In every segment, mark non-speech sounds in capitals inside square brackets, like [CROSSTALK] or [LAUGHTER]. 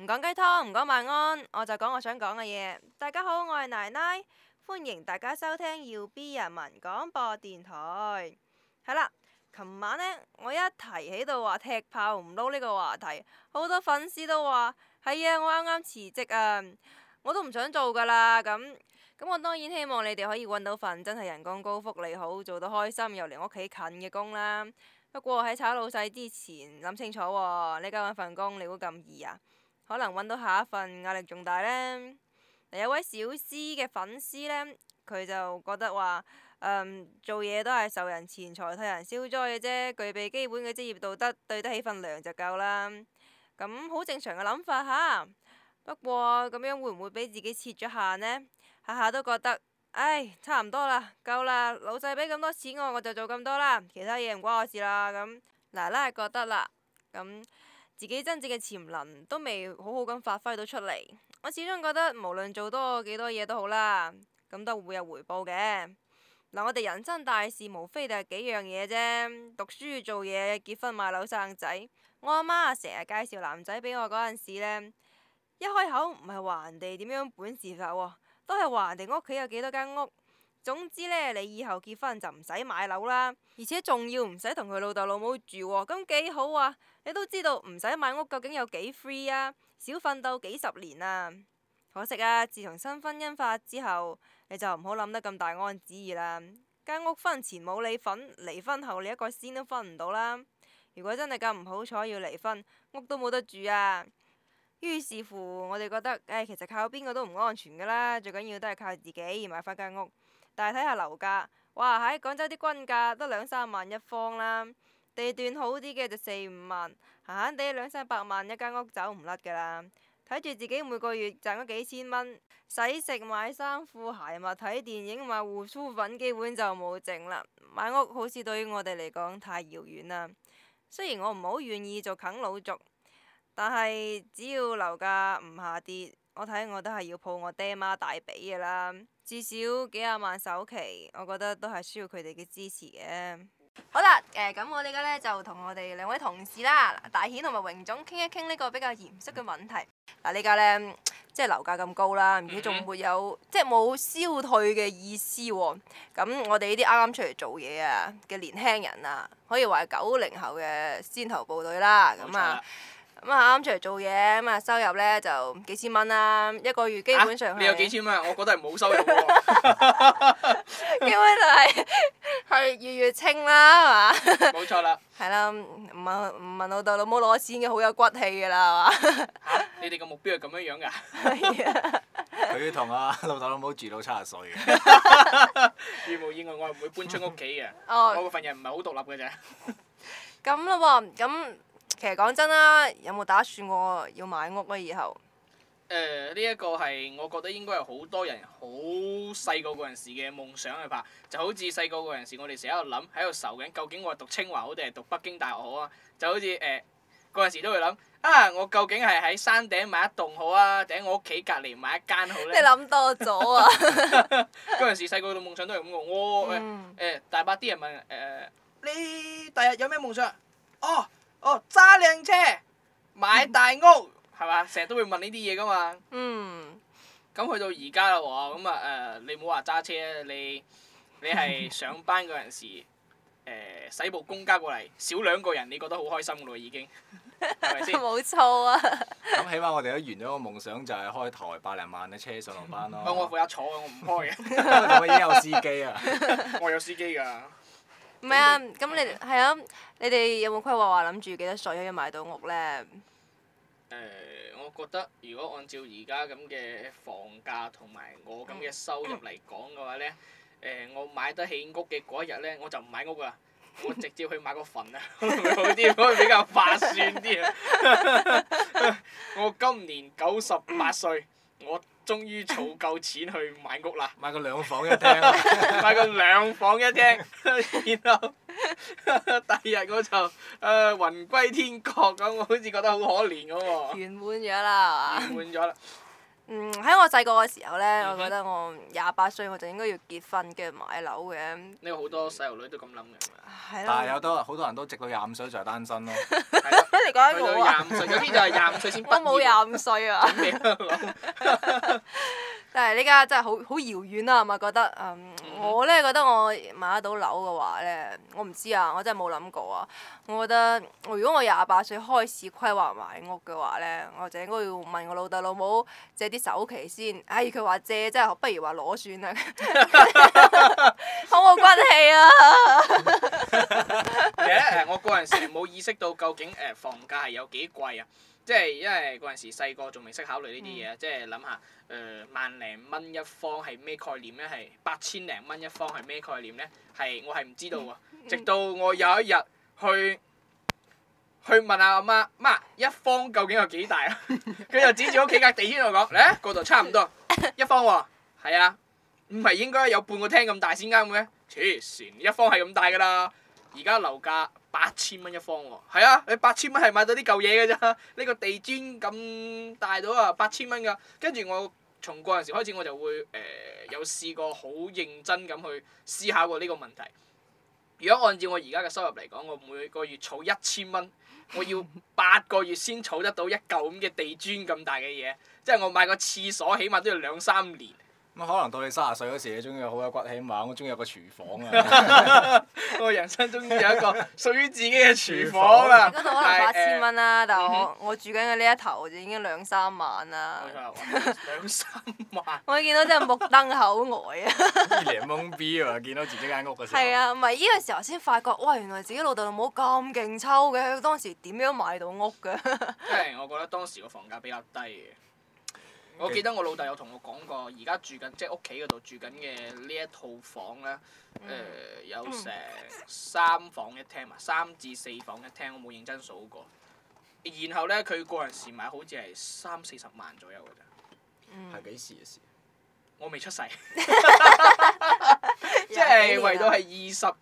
唔講雞湯，唔講晚安，我就講我想講嘅嘢。大家好，我係奶奶，歡迎大家收聽要 B 人民廣播電台。係啦，琴晚呢，我一提起到話踢炮唔撈呢個話題，好多粉絲都話係啊，我啱啱辭職啊，我都唔想做噶啦。咁咁，我當然希望你哋可以搵到份真係人工高、福利好、做得開心又離屋企近嘅工啦。不過喺炒老細之前諗清楚喎，啊，呢家搵份工你估咁易啊？可能揾到下一份壓力仲大呢。有位小司嘅粉絲呢，佢就覺得話、嗯，做嘢都係受人錢財替人消災嘅啫，具備基本嘅職業道德，對得起份糧就夠啦。咁好正常嘅諗法嚇。不過咁樣會唔會俾自己切咗限呢？下下都覺得，唉、哎，差唔多啦，夠啦，老細俾咁多錢我，我就做咁多啦，其他嘢唔關我事啦。咁奶奶係覺得啦。咁、嗯。自己真正嘅潛能都未好好咁發揮到出嚟，我始終覺得無論做多幾多嘢都好啦，咁都會有回報嘅。嗱，我哋人生大事無非就係幾樣嘢啫，讀書、做嘢、結婚、買樓、生仔。我阿媽成日介紹男仔俾我嗰陣時呢，一開口唔係話人哋點樣本事法喎，都係話人哋屋企有幾多間屋。總之呢，你以後結婚就唔使買樓啦，而且仲要唔使同佢老豆老母住，啊，咁幾好啊！你都知道唔使買屋究竟有幾 free 啊，少奮鬥幾十年啊。可惜啊，自從新婚姻法之後，你就唔好諗得咁大安旨意啦。間屋婚前冇你份，離婚後你一個仙都分唔到啦。如果真係咁唔好彩要離婚，屋都冇得住啊。於是乎，我哋覺得誒、哎，其實靠邊個都唔安全噶啦，最緊要都係靠自己而買翻間屋。但係睇下樓價，哇！喺廣州啲均價都兩三萬一方啦，地段好啲嘅就四五萬，閒閒哋兩三百萬一間屋走唔甩噶啦。睇住自己每個月賺咗幾千蚊，洗食買衫褲鞋襪、睇電影、買護膚品，基本就冇剩啦。買屋好似對於我哋嚟講太遙遠啦。雖然我唔好願意做啃老族，但係只要樓價唔下跌，我睇我都係要抱我爹媽大髀噶啦。至少幾廿萬首期，我覺得都係需要佢哋嘅支持嘅。好啦，誒、呃、咁我呢家咧就同我哋兩位同事啦，大顯同埋榮總傾一傾呢個比較嚴肅嘅問題。嗱，呢家咧即係樓價咁高啦，而且仲沒有嗯嗯即係冇消退嘅意思喎、哦。咁我哋呢啲啱啱出嚟做嘢啊嘅年輕人啊，可以話係九零後嘅先頭部隊啦，咁啊。咁啊，啱出嚟做嘢，咁啊收入咧就幾千蚊啦，一個月基本上、啊。你有幾千蚊？我覺得係冇收入喎。 [LAUGHS] [LAUGHS] 基本就係係月月清啦，係嘛？冇 [LAUGHS] 錯啦。係啦，唔問唔問老豆老母攞錢嘅好有，有骨氣㗎啦，係嘛、 [LAUGHS] 啊？你哋嘅目標係咁樣樣㗎？係啊。佢要同阿老豆老母住到七十歲。如 [LAUGHS] 無意外，我係唔會搬出屋企嘅。嗯哦、我個份人唔係好獨立嘅啫。咁咯喎，咁。其實講真啦，有冇打算我要買屋啊？以後誒呢一個係我覺得應該係好多人好細個嗰陣時嘅夢想嚟吧。就好似細個嗰陣時，我哋成日喺度諗，喺度愁緊，究竟我係讀清華好定係讀北京大學好啊？就好似誒嗰陣時都會諗啊，我究竟係喺山頂買一棟好啊，定喺我屋企隔離買一間好咧？你諗多咗啊！嗰陣時細個嘅夢想都係咁嘅，我誒誒大把啲人問誒你第日有咩夢想？哦～哦，揸靚、oh, 車買大屋係嘛？成日都會問呢啲嘢噶嘛，嗯。嗯。咁去到而家啦喎，咁啊誒，你唔好話揸車啊，你你係上班嗰陣時誒，嗯、洗部公交過嚟少兩個人，你覺得好開心咯，已經係咪先？冇、嗯、錯、 [LAUGHS] 嗯、啊。咁起碼我哋都完咗個夢想，就係、是、開台百零萬嘅車上落班咯。唔 [LAUGHS] [LAUGHS] 我負責坐嘅，我唔開嘅。因為我已經有司機啊。 [LAUGHS] 我有司機㗎。唔係啊，咁你哋係啊，你哋有冇規劃話諗住幾多歲可以買到屋呢、呃？我覺得如果按照而家咁嘅房價同埋我咁嘅收入嚟講嘅話呢、嗯嗯呃，我買得起屋嘅嗰一日呢，我就唔買屋啊！我直接去買個墳啊，可能會好啲，可以比較划算啲啊！我今年九十八歲，我。終於儲夠錢去買屋啦！買個兩房一廳，啊， [LAUGHS] 買個兩房一廳， [LAUGHS] [LAUGHS] 然後第二日我就啊、呃、雲歸天國咁，我好似覺得好可憐咁喎。圓滿咗啦！圓滿咗啦！ [LAUGHS] [LAUGHS] 嗯，喺我細個嘅時候咧，我覺得我廿八歲我就應該要結婚跟住買樓嘅。呢個好多細路女都咁諗嘅，但係有好多好多人都直到廿五歲就仲係單身咯。你講緊我啊？廿五歲就係廿五歲先都冇廿五歲啊。但係呢家真係好好遙遠啊，咪覺得我咧覺得我買得到樓嘅話咧，我唔知啊，我真係冇諗過啊。我覺得如果我廿八歲開始規劃買屋嘅話咧，我就應該要問我老豆老母借啲。首期先，哎佢話借，真係不如話攞算啦，好冇 [LAUGHS] [LAUGHS] 骨氣啊！其實我嗰陣時冇意識到究竟誒房價係有幾貴啊，即係因為嗰陣時細個仲未識考慮呢啲嘢，即係諗下誒萬零蚊一方係咩概念呢？係八千零蚊一方係咩概念呢？係我係唔知道啊！嗯、直到我有一日去。去問下我媽,媽，媽一方究竟有幾大 [LAUGHS] [LAUGHS] 啊？佢就指住屋企嘅地磚度講：，嚟，嗰度差唔多， [LAUGHS] 一方喎、哦，係啊，唔係應該有半個廳咁大先啱嘅？黐線，一方係咁大㗎啦，而家樓價八千蚊一方喎、哦，係啊，你八千蚊係買到啲舊嘢㗎咋，呢 [LAUGHS] 個地磚咁大到啊，八千蚊㗎。跟住我從嗰陣時開始，我就會誒、呃、有試過好認真咁去思考過呢個問題。如果按照我而家嘅收入嚟講，我每個月儲一千蚊。我要八個月先儲得到一嚿咁嘅地磚，咁大嘅嘢，即係我買個廁所，起碼都要兩三年。咁可能到你三十歲嗰時，你終於好骨有骨氣嘛？我終於有個廚房啊！ [LAUGHS] [LAUGHS] 我人生終於有一個屬於自己嘅廚房啊！但 [LAUGHS] 可能八千蚊啦，uh, 但我、嗯、哼我住緊嘅呢一頭就已經兩三萬啦。我說說兩三萬。 [LAUGHS] 我見到真係目瞪口呆啊！真係懵逼啊！見到自己間屋嘅時候。係唔咪呢個時候先發覺，喂，原來自己老豆老母咁勁抽嘅，佢當時點樣買到屋嘅？即 [LAUGHS] 係我覺得當時個房價比較低嘅。我記得我老豆有同我講過，而家住緊即係屋企嗰度住緊嘅呢一套房咧，誒、嗯呃、有成三房一廳嘛，三至四房一廳，我冇認真數過。然後咧，佢嗰陣時買好似係三四十萬左右㗎咋，係幾時嘅事？我未出世。 [LAUGHS] [LAUGHS] 即係為到係二十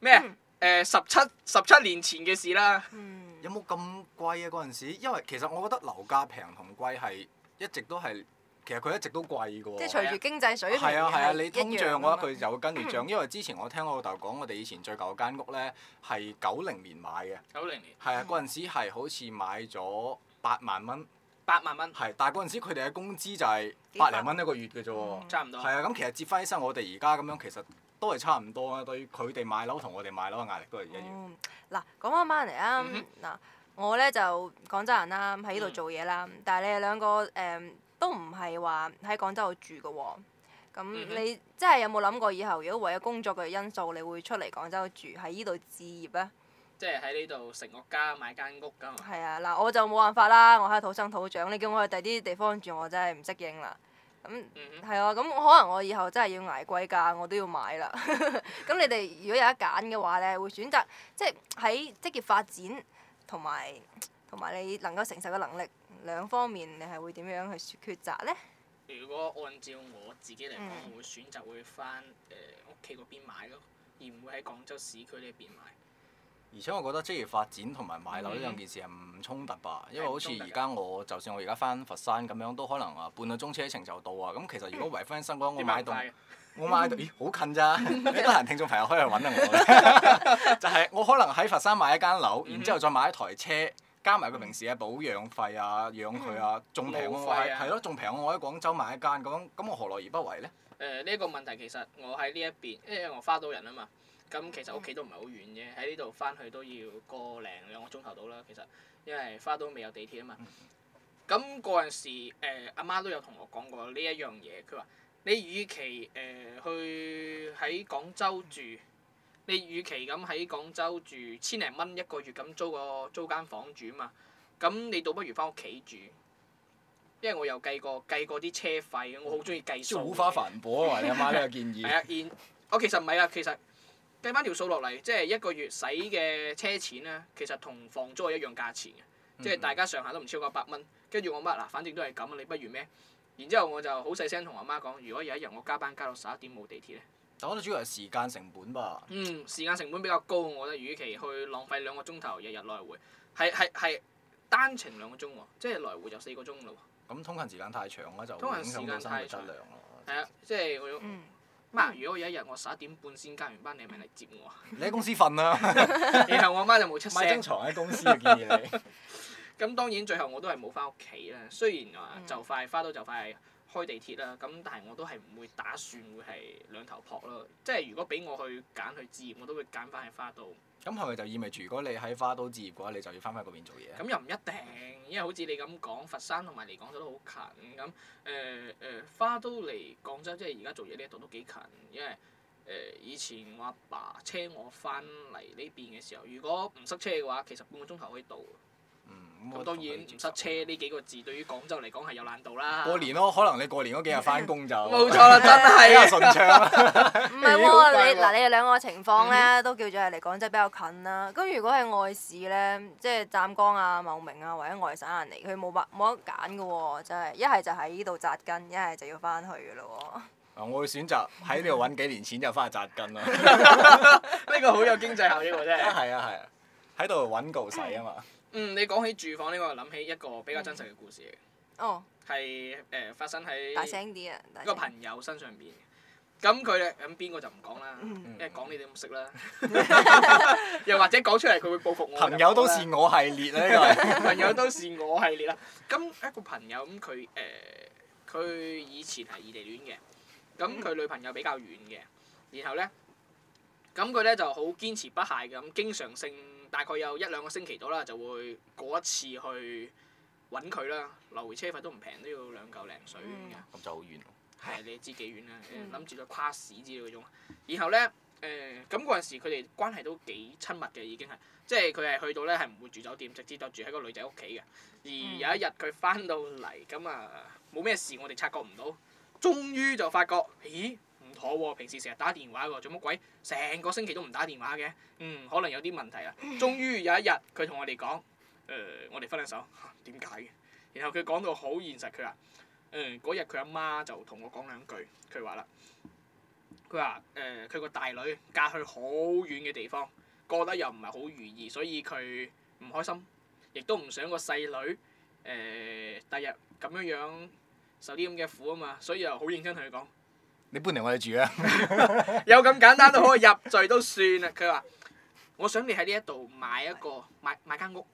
咩？誒、嗯呃、十七十七年前嘅事啦。嗯、有冇咁貴啊？嗰陣時，因為其實我覺得樓價平同貴係。一直都係，其實佢一直都貴嘅喎、哦。即係隨住經濟水平。係啊係啊，你通脹嘅話，佢就會跟住漲。嗯、因為之前我聽我老豆講，我哋以前最舊間屋咧係九零年買嘅。九零年。係啊，嗰陣時係好似買咗八萬蚊。八萬蚊。係，但係嗰陣時佢哋嘅工資就係百零蚊一個月嘅啫喎。差唔多。係啊，咁其實接翻起身，我哋而家咁樣其實都係差唔多啊。對於佢哋買樓同我哋買樓嘅壓力都係一樣。嗱、嗯，講翻翻嚟啊，嗱、嗯。我咧就、嗯嗯、廣州人啦、啊，喺呢度做嘢啦。但係你哋兩個誒都唔係話喺廣州度住㗎喎。咁你即係有冇諗過以後，如果為咗工作嘅因素，你會出嚟廣州住喺呢度置業咧？即係喺呢度成個家買間屋㗎嘛。係啊，嗱，我就冇辦法啦。我喺土生土長，你叫我去第啲地方住，我真係唔適應啦。咁係、嗯、哼啊，咁可能我以後真係要捱貴價，我都要買啦。咁 [LAUGHS] 你哋如果有得揀嘅話咧，會選擇即係喺職業發展，同埋同埋你能夠承受嘅能力兩方面，你係會點樣去抉擇呢？如果按照我自己嚟講，我會選擇會翻誒屋企嗰邊買咯，而唔會喺廣州市區呢邊買。而且我覺得職業發展同埋買樓呢兩件事係唔衝突吧，mm hmm. 因為好似而家我就算我而家翻佛山咁樣，都可能啊半個鐘車程就到啊。咁其實如果為翻新工我買棟。Mm hmm. [LAUGHS] 我買到，咦好近咋？你得閒聽眾朋友可以去揾下我 [LAUGHS] [LAUGHS] 就係我可能喺佛山買一間樓，然之後再買一台車，加埋個平時嘅保養費啊、養佢啊，仲平、啊嗯啊啊、我係咯，仲平我喺廣州買一間，咁咁我何樂而不為呢？誒呢一個問題其實我喺呢一邊，因為我花都人啊嘛。咁其實屋企都唔係好遠啫，喺呢度翻去都要個零兩個鐘頭到啦。其實因為花都未有地鐵啊嘛。咁嗰陣時，阿、呃、媽都有同我講過呢一樣嘢，佢話。你與其誒、呃、去喺廣州住，你與其咁喺廣州住千零蚊一個月咁租個租間房住啊嘛，咁你倒不如翻屋企住。因為我又計過計過啲車費，我好中意計數。好、嗯、花煩啵，係嘛？你阿媽都有建議。係啊， [LAUGHS] 然我其實唔係啊，其實計翻條數落嚟，即係一個月使嘅車錢啦，其實同房租係一樣價錢嘅，即係大家上下都唔超過百蚊。跟住我乜嗱，反正都係咁，你不如咩？然之後我就好細聲同我阿媽講，如果有一日我加班加到十一點冇地鐵呢？但係我覺得主要係時間成本吧。嗯，時間成本比較高，我覺得，與其去浪費兩個鐘頭日日來回，係係係單程兩個鐘喎，即係來回就四個鐘嘞喎。咁通勤時間太長咧，就影響到生活質量咯。係啊，即係我，要、嗯。媽！如果有一日我十一點半先加完班，你咪嚟接我你喺公司瞓啊？ [LAUGHS] 然後我媽就冇出聲，藏喺公司建議你。咁當然最後我都係冇翻屋企啦。雖然話就快、嗯、花都就快開地鐵啦，咁但係我都係唔會打算會係兩頭撲咯。即係如果俾我去揀去置業，我都會揀翻喺花都。咁係咪就意味住如果你喺花都置業嘅話，你就要翻翻嗰邊做嘢啊？咁又唔一定，因為好似你咁講，佛山同埋離廣州都好近。咁誒誒，花都離廣州即係而家做嘢呢一度都幾近，因為誒、呃、以前我阿爸車我翻嚟呢邊嘅時候，如果唔塞車嘅話，其實半個鐘頭可以到。當然唔塞車呢幾個字對於廣州嚟講係有難度啦。過年咯，可能你過年嗰幾日翻工就冇錯啦，真係啊順暢。唔係喎，你，嗱，你哋兩個情況咧都叫做係離廣州比較近啦。咁如果係外市咧，即係湛江啊、茂名啊或者外省人嚟，佢冇冇得揀嘅喎，真係一係就喺呢度扎根，一係就要翻去嘅咯喎。嗱，我會選擇喺呢度揾幾年錢就翻去扎根啦。呢個好有經濟效益喎，真係。係啊係啊，喺度揾夠使啊嘛～嗯，你講起住房呢個，諗起一個比較真實嘅故事哦。係誒、呃，發生喺一個朋友身上邊。咁佢咁邊個就唔講啦，一、嗯、因為講你哋唔識啦。嗯、 [LAUGHS] 又或者講出嚟佢會報復我。朋友都是我系列啦，呢個。朋友都是我系列啦。咁 [LAUGHS] 一個朋友咁佢誒，佢、呃、以前係異地戀嘅，咁佢女朋友比較遠嘅，然後咧。咁佢咧就好堅持不懈咁，經常性。大概有一兩個星期到啦，就會過一次去揾佢啦。來回車費都唔平，都要兩嚿零水，咁就好遠喎。係、啊、你知幾遠啦？諗、嗯、住就跨市之類嗰種。然後呢，誒咁嗰陣時佢哋關係都幾親密嘅，已經係即係佢係去到呢，係唔會住酒店，直接就住喺個女仔屋企嘅。而有一日佢翻到嚟，咁啊冇咩事，我哋察覺唔到。終於就發覺，咦？我喎、哦，平時成日打電話喎，做乜鬼？成個星期都唔打電話嘅，嗯，可能有啲問題啦。終於有一日，佢同我哋講：誒、呃，我哋分兩手嚇，點解嘅？然後佢講到好現實，佢話：誒、嗯，嗰日佢阿媽就同我講兩句，佢話啦，佢話誒，佢個大女嫁去好遠嘅地方，過得又唔係好如意，所以佢唔開心，亦都唔想個細女誒第日咁樣樣受啲咁嘅苦啊嘛，所以又好認真同佢講。你搬嚟我哋住啊！ [LAUGHS] 有咁簡單都可以入贅都算啊！佢話：我想你喺呢一度買一個買買間屋，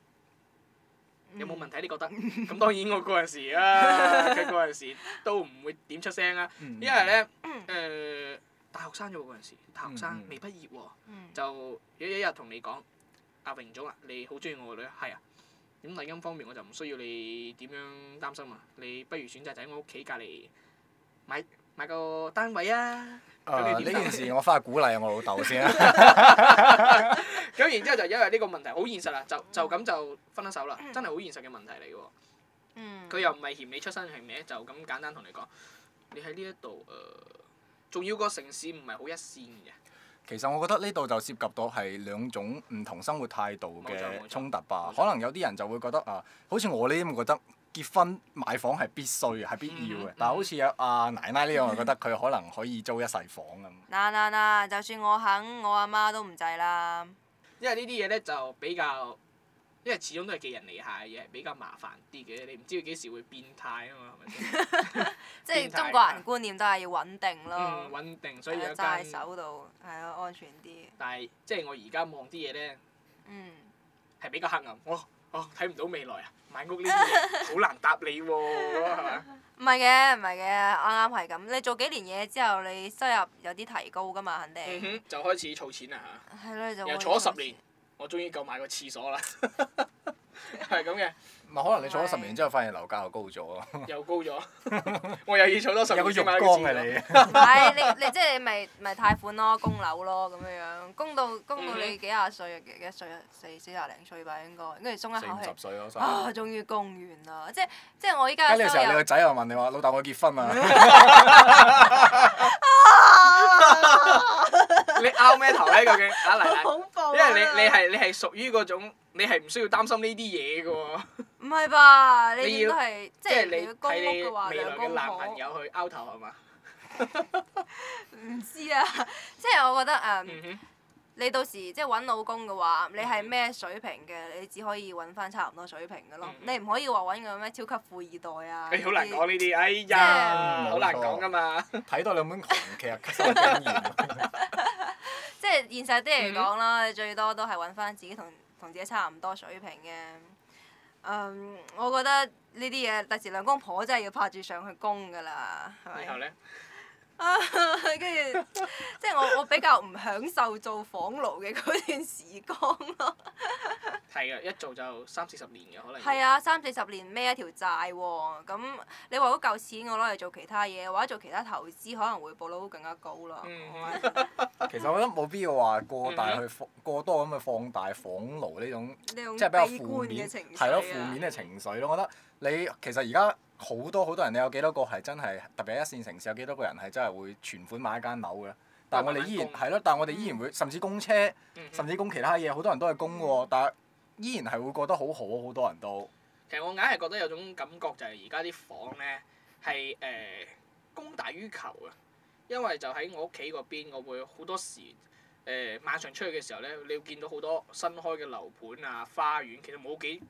有冇問題？你覺得？咁當然我嗰陣時啊，佢嗰陣時都唔會點出聲啊，因為咧誒、呃，大學生啫喎嗰時，大學生未畢業喎、啊，就有一日同你講：阿、啊、榮總啊，你好中意我個女，係啊，咁禮金方面我就唔需要你點樣擔心啊，你不如選擇就喺我屋企隔離買。買個單位啊！呢、啊、件事我翻去鼓勵我老豆先啊。咁然之後，後就因為呢個問題好現實啊，就就咁就分咗手啦。真係好現實嘅問題嚟嘅喎。佢、嗯、又唔係嫌你出身係咩？就咁簡單同你講。你喺呢一度誒，仲、呃、要個城市唔係好一線嘅。其實我覺得呢度就涉及到係兩種唔同生活態度嘅衝突吧。可能有啲人就會覺得啊，好似我呢咁覺得。結婚買房係必須嘅，係必要嘅。嗯、哼但係好似阿阿奶奶呢、這、樣、個，我、嗯、哼覺得佢可能可以租一世房咁。嗱嗱嗱！就算我肯，我阿媽，媽都唔制啦。因為呢啲嘢咧，就比較，因為始終都係寄人籬下嘅嘢，比較麻煩啲嘅。你唔知佢幾時會變態啊嘛？係咪先 [LAUGHS] 即係是中國人觀念都係要穩定咯、嗯。穩定，所以有手度，係咯、啊，安全啲。但係，即係我而家望啲嘢咧，嗯、係比較黑暗。哦，睇唔到未來啊！買屋呢啲嘢好難答你喎、啊，係咪？唔係嘅，唔係嘅，啱啱係咁。你做幾年嘢之後，你收入有啲提高噶嘛？肯定、嗯、就開始儲錢啊，係咯，就又儲咗十年， [LAUGHS] 我終於夠買個廁所啦。係咁嘅。唔係，可能你儲咗十年之後，發現樓價又高咗啊！又高咗， [LAUGHS] [LAUGHS] 我又要儲多十年先買嘅。你係你你即係你咪咪貸款咯，供樓咯咁樣樣，供到供到你幾廿歲，mm hmm. 幾幾歲四四廿零歲吧，應該，跟住鬆一口氣歲啊，終於供完啦！即即係我依家。喺呢個時候，你個仔又問你話： [LAUGHS] 老豆，我結婚啊！ [LAUGHS] [LAUGHS] [LAUGHS] 你拗咩頭咧？究竟啊，嚟嚟，因為你你係你係屬於嗰種，你係唔需要擔心呢啲嘢嘅喎。唔係吧？你要係即係你要公屋嘅話，有個男朋友去拗頭係嘛？唔知啊，即係我覺得啊，你到時即係揾老公嘅話，你係咩水平嘅？你只可以揾翻差唔多水平嘅咯。你唔可以話揾個咩超級富二代啊！你好難講呢啲。哎呀，好難講㗎嘛！睇多兩本韓劇咁啊！真係。即係現實啲嚟講啦，你、mm hmm. 最多都係揾翻自己同同自己差唔多水平嘅。Um, 我覺得呢啲嘢，第時兩公婆真係要拍住上去供㗎啦，係咪？ [LAUGHS] 跟住， [LAUGHS] 即係我我比較唔享受做房奴嘅嗰段時光咯。係 [LAUGHS] 啊，一做就三四十年嘅可能。係啊，三四十年孭一條債喎、啊。咁你為咗嚿錢，我攞嚟做其他嘢，或者做其他投資，可能回報率會更加高啦。嗯、 [LAUGHS] 其實我覺得冇必要話過大去放過多咁去放大房奴呢種，你用 即係比較負面、悲觀嘅情緒係咯、啊，負面嘅情緒咯，我覺得。你其實而家好多好多人，你有幾多個係真係特別係一線城市有幾多個人係真係會全款買一間樓嘅？但係我哋依然係咯，但係我哋依然會、嗯、甚至供車，甚至供其他嘢，好多人都係供嘅喎。嗯、但係依然係會覺得好好，好多人都。其實我硬係覺得有種感覺就係而家啲房咧係誒供大於求啊！因為就喺我屋企嗰邊，我會好多時誒、呃、晚上出去嘅時候咧，你會見到好多新開嘅樓盤啊、花園，其實冇幾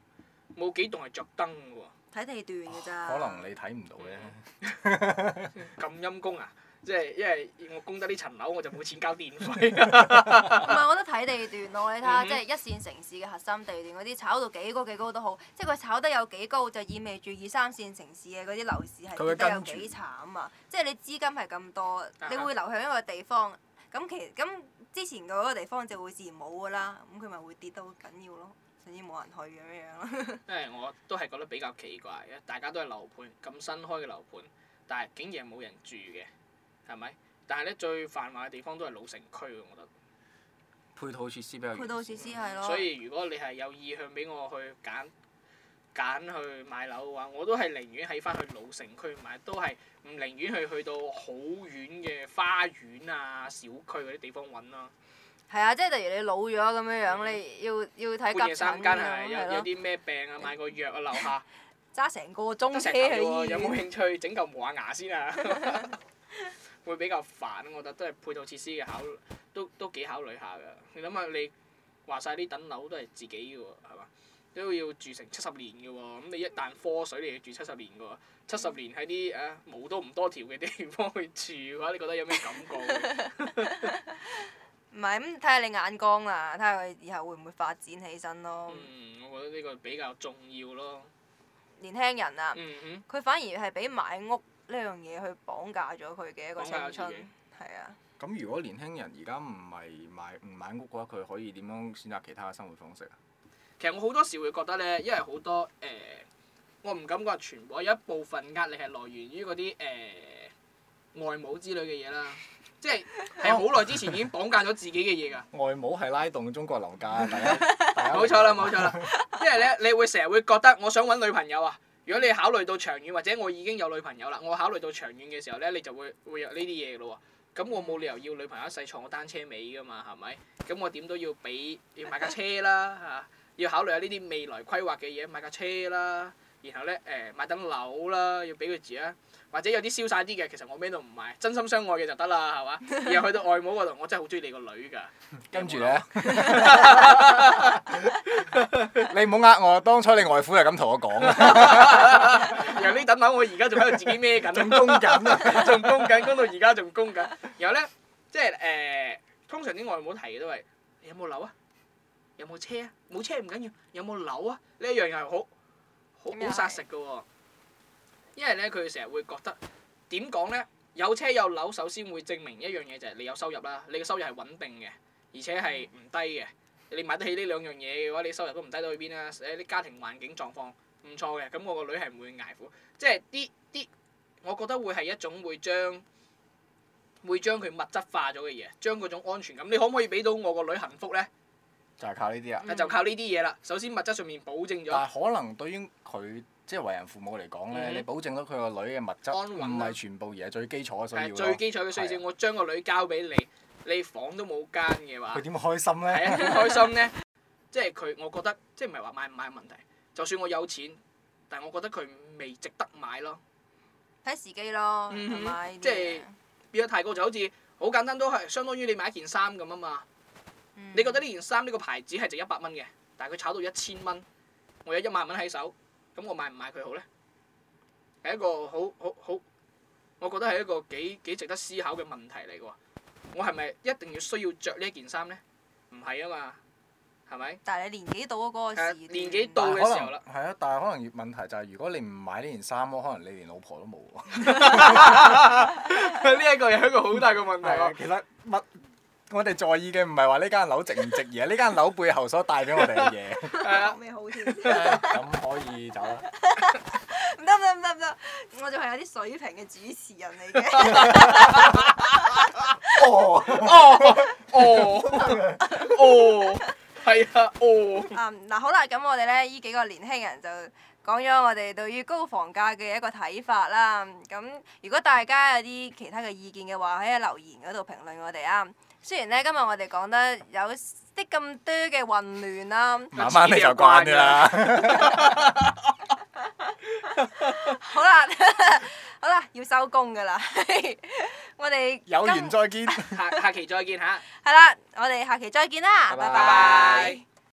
冇幾棟係着燈嘅喎。睇地段嘅咋、哦，可能你睇唔到嘅。咁陰公啊！即係因為我供得呢層樓，我就冇錢交電費。唔係，我覺得睇地段咯，你睇下，嗯、哼即係一線城市嘅核心地段嗰啲，炒到幾高幾高都好，即係佢炒得有幾高，就意味住二三線城市嘅嗰啲樓市係跌得有幾慘啊！即係你資金係咁多，你會流向一個地方，咁、啊啊、其咁之前嗰個地方就會自然冇噶啦，咁佢咪會跌得好緊要咯。甚至冇人去咁樣咯。因 [LAUGHS] 為、嗯、我都係覺得比較奇怪嘅，大家都係樓盤咁新開嘅樓盤，但係竟然冇人住嘅，係咪？但係呢最繁華嘅地方都係老城區啊，我覺得。配套設施比較完善。配套設施係咯。嗯、的所以如果你係有意向俾我去揀，揀去買樓嘅話，我都係寧願喺翻去老城區買，都係唔寧願去去到好遠嘅花園啊、小區嗰啲地方揾咯、啊。係啊，即係例如你老咗咁樣樣，你、嗯、要要睇急症啊，有有啲咩病啊，買個藥啊，留下揸成 [LAUGHS] 個鐘有冇興趣整嚿磨下牙先啊？ [LAUGHS] 會比較煩，我覺得都係配套設施嘅考，都都幾考慮下㗎。你諗下，你話晒啲等樓都係自己嘅喎，係嘛？都要住成七十年嘅喎，咁你一旦科水你要住七十年嘅喎，七十年喺啲誒毛都唔多條嘅地方去住嘅話，你覺得有咩感覺？ [LAUGHS] 唔係咁睇下你眼光啦，睇下佢以後會唔會發展起身咯。嗯，我覺得呢個比較重要咯。年輕人啊，佢、嗯嗯、反而係俾買屋呢樣嘢去綁架咗佢嘅一個青春，係啊。咁如果年輕人而家唔係買唔買屋嘅話，佢可以點樣選擇其他嘅生活方式啊？其實我好多時會覺得呢，因為好多誒、呃，我唔敢話全部，有一部分壓力係來源於嗰啲誒外母之類嘅嘢啦。即係係好耐之前已經綁架咗自己嘅嘢噶。外母係拉動中國樓價係咪啊？冇錯啦，冇錯啦。因為呢，你會成日會覺得我想揾女朋友啊。如果你考慮到長遠，或者我已經有女朋友啦，我考慮到長遠嘅時候呢，你就會會有呢啲嘢咯喎。咁我冇理由要女朋友一世坐我單車尾㗎嘛，係咪？咁我點都要俾要買架車啦嚇、啊，要考慮下呢啲未來規劃嘅嘢，買架車啦。然後呢，誒、呃，買棟樓啦，要俾佢住啦。或者有啲瀟灑啲嘅，其實我咩都唔買，真心相愛嘅就得啦，係嘛？然後去到外母嗰度，我真係好中意你個女㗎。跟住咧，你唔好呃我，當初你外父係咁同我講。然後呢等晚我而家仲喺度自己孭緊。仲供緊，仲供緊，供到而家仲供緊。然後咧，即係誒，通常啲外母提嘅都係有冇樓啊，有冇車啊？冇車唔緊要，有冇樓啊？呢一樣又係好，好好殺食㗎喎。因為呢，佢成日會覺得點講呢？有車有樓，首先會證明一樣嘢就係你有收入啦。你嘅收入係穩定嘅，而且係唔低嘅。你買得起呢兩樣嘢嘅話，你收入都唔低到去邊啦。誒，啲家庭環境狀況唔錯嘅，咁我個女係唔會捱苦。即係啲啲，我覺得會係一種會將會將佢物質化咗嘅嘢，將嗰種安全感。你可唔可以俾到我個女幸福呢？就係靠呢啲啊！就靠呢啲嘢啦。首先，物質上面保證咗。但可能對於佢。即係為人父母嚟講咧，嗯、你保證到佢個女嘅物質唔係然全部，而係最基礎嘅需要。最基礎嘅需要。對需要我將個女交俾你，對你房都冇間嘅話，佢點會開心咧？係啊，開心咧！ [LAUGHS] 即係佢，我覺得即係唔係話買唔買嘅問題。就算我有錢，但係我覺得佢未值得買咯。睇時機咯，係咪、嗯？即係變得太高，就好似好簡單都係相當於你買一件衫咁啊嘛！嗯、你覺得呢件衫呢個牌子係值一百蚊嘅，但係佢炒到一千蚊，我有一萬蚊喺手。咁我買唔買佢好呢？係一個好好好，我覺得係一個幾幾值得思考嘅問題嚟嘅喎。我係咪一定要需要着呢一件衫呢？唔係啊嘛，係咪？但係你年紀到嗰個時、啊、年紀到嘅時候啦，係啊！但係可能問題就係，如果你唔買呢件衫，可能你連老婆都冇喎。呢一個係一個好大嘅問題。其實乜？我哋在意嘅唔係話呢間樓值唔值，而係呢 [LAUGHS] 間樓背後所帶俾我哋嘅嘢。係 [LAUGHS] [LAUGHS] 啊。講咩好先？咁可以走啦。唔得唔得唔得唔得！我仲係有啲水平嘅主持人嚟嘅、 [LAUGHS] [LAUGHS] 哦。哦哦哦哦，係啊哦。嗱，好啦，咁我哋咧呢幾個年輕人就講咗我哋對於高房價嘅一個睇法啦。咁如果大家有啲其他嘅意見嘅話，喺留言嗰度評論我哋啊。雖然咧，今日我哋講得有啲咁多嘅混亂啦、啊，慢慢你就慣㗎喇。好啦，好啦，要收工㗎喇， [LAUGHS] 我哋跟有緣再見， [LAUGHS] 下下期再見嚇。係啦， [LAUGHS] 我哋下期再見啦，拜拜。